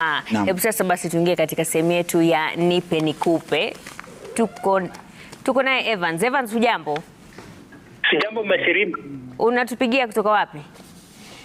Ah, hebu sasa basi tuingie katika sehemu yetu ya nipe nikupe. Tuko tuko naye Evans. Evans, hujambo? Sijambo Mashirima. Unatupigia kutoka wapi?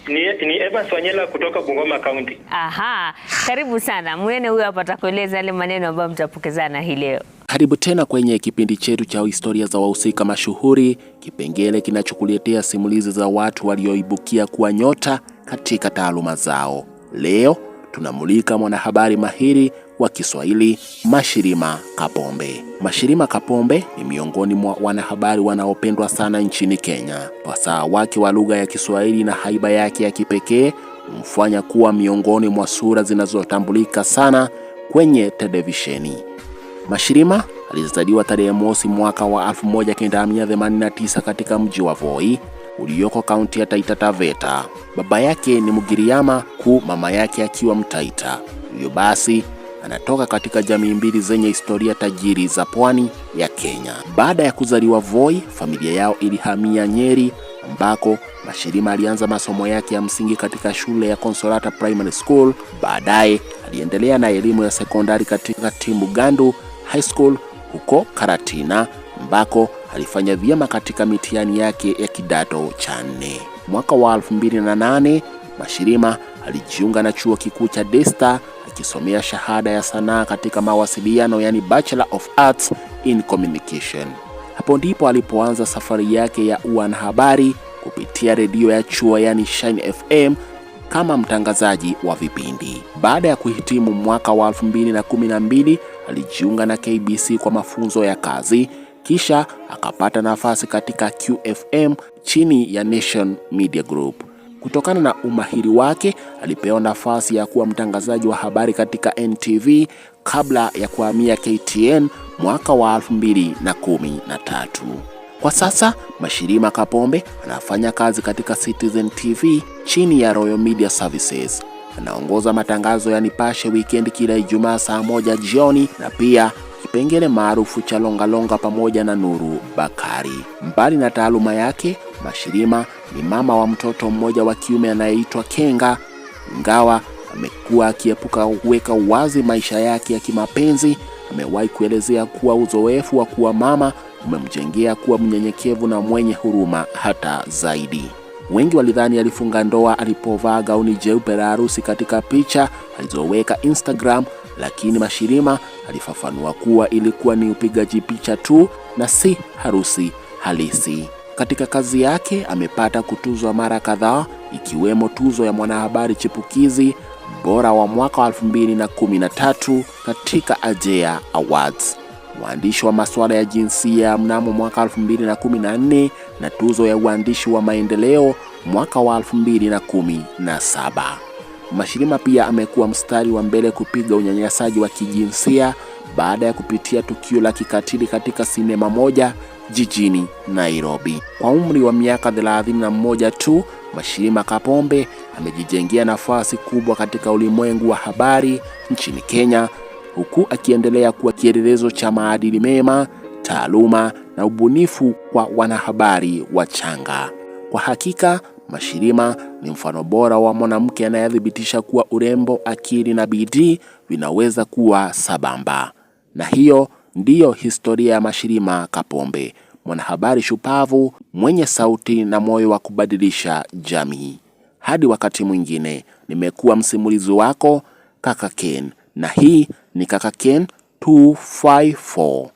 Ni, ni Evans Wanyela kutoka Bungoma County. Aha, karibu sana mwene huyo hapa atakueleza yale maneno ambayo mtapokezana hii leo. Karibu tena kwenye kipindi chetu cha historia za wahusika mashuhuri, kipengele kinachokuletea simulizi za watu walioibukia kuwa nyota katika taaluma zao. Leo tunamulika mwanahabari mahiri wa Kiswahili Mashirima Kapombe. Mashirima Kapombe ni miongoni mwa wanahabari wanaopendwa sana nchini Kenya. Wasaa wake wa lugha ya Kiswahili na haiba yake ya kipekee humfanya kuwa miongoni mwa sura zinazotambulika sana kwenye televisheni. Mashirima alizaliwa tarehe mosi mwaka wa 1989 katika mji wa Voi ulioko kaunti ya Taita Taveta. Baba yake ni mgiriama kuu, mama yake akiwa Mtaita. Hivyo basi anatoka katika jamii mbili zenye historia tajiri za pwani ya Kenya. Baada ya kuzaliwa Voi, familia yao ilihamia Nyeri ambako Mashirima alianza masomo yake ya msingi katika shule ya Consolata Primary School. Baadaye aliendelea na elimu ya sekondari katika Timugandu High School huko Karatina ambako alifanya vyema katika mitihani yake ya kidato cha nne. Mwaka wa 2008 Mashirima alijiunga na chuo kikuu cha Desta akisomea shahada ya sanaa katika mawasiliano, yani Bachelor of Arts in Communication. Hapo ndipo alipoanza safari yake ya uanahabari kupitia redio ya chuo, yani Shine FM kama mtangazaji wa vipindi. Baada ya kuhitimu mwaka wa 2012 alijiunga na KBC kwa mafunzo ya kazi kisha akapata nafasi katika QFM chini ya Nation Media Group. Kutokana na umahiri wake, alipewa nafasi ya kuwa mtangazaji wa habari katika NTV kabla ya kuhamia KTN mwaka wa 2013. Kwa sasa Mashirima Kapombe anafanya kazi katika Citizen TV chini ya Royal Media Services. Anaongoza matangazo ya Nipashe Weekend kila Ijumaa saa moja jioni na pia kipengele maarufu cha Longalonga pamoja na Nuru Bakari. Mbali na taaluma yake, Mashirima ni mama wa mtoto mmoja wa kiume anayeitwa Kenga, ingawa amekuwa akiepuka kuweka wazi maisha yake ya kimapenzi. Amewahi kuelezea kuwa uzoefu wa kuwa mama umemjengea kuwa mnyenyekevu na mwenye huruma hata zaidi. Wengi walidhani alifunga ndoa alipovaa gauni jeupe la harusi katika picha alizoweka Instagram lakini Mashirima alifafanua kuwa ilikuwa ni upigaji picha tu na si harusi halisi. Katika kazi yake amepata kutuzwa mara kadhaa ikiwemo tuzo ya mwanahabari chipukizi bora wa mwaka wa 2013 katika Ajea Awards, mwandishi wa masuala ya jinsia mnamo mwaka 2014 na tuzo ya uandishi wa maendeleo mwaka wa 2017. Mashirima pia amekuwa mstari wa mbele kupiga unyanyasaji wa kijinsia baada ya kupitia tukio la kikatili katika sinema moja jijini Nairobi. Kwa umri wa miaka 31 tu, Mashirima Kapombe amejijengea nafasi kubwa katika ulimwengu wa habari nchini Kenya, huku akiendelea kuwa kielelezo cha maadili mema, taaluma na ubunifu kwa wanahabari wachanga. Kwa hakika Mashirima ni mfano bora wa mwanamke anayethibitisha kuwa urembo, akili na bidii vinaweza kuwa sabamba. Na hiyo ndiyo historia ya Mashirima Kapombe, mwanahabari shupavu mwenye sauti na moyo wa kubadilisha jamii. Hadi wakati mwingine, nimekuwa msimulizi wako Kaka Ken, na hii ni Kaka Ken 254.